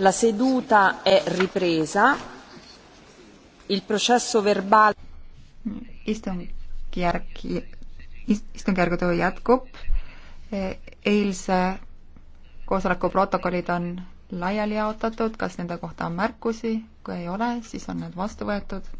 La seduta è ripresa. Il processo verbale. Istungjärg, istungjärgu töö jätkub. Eh, eilse koosoleku protokollid on laiali jaotatud, kas nende kohta on märkusi, kui ei ole, siis on need vastu võetud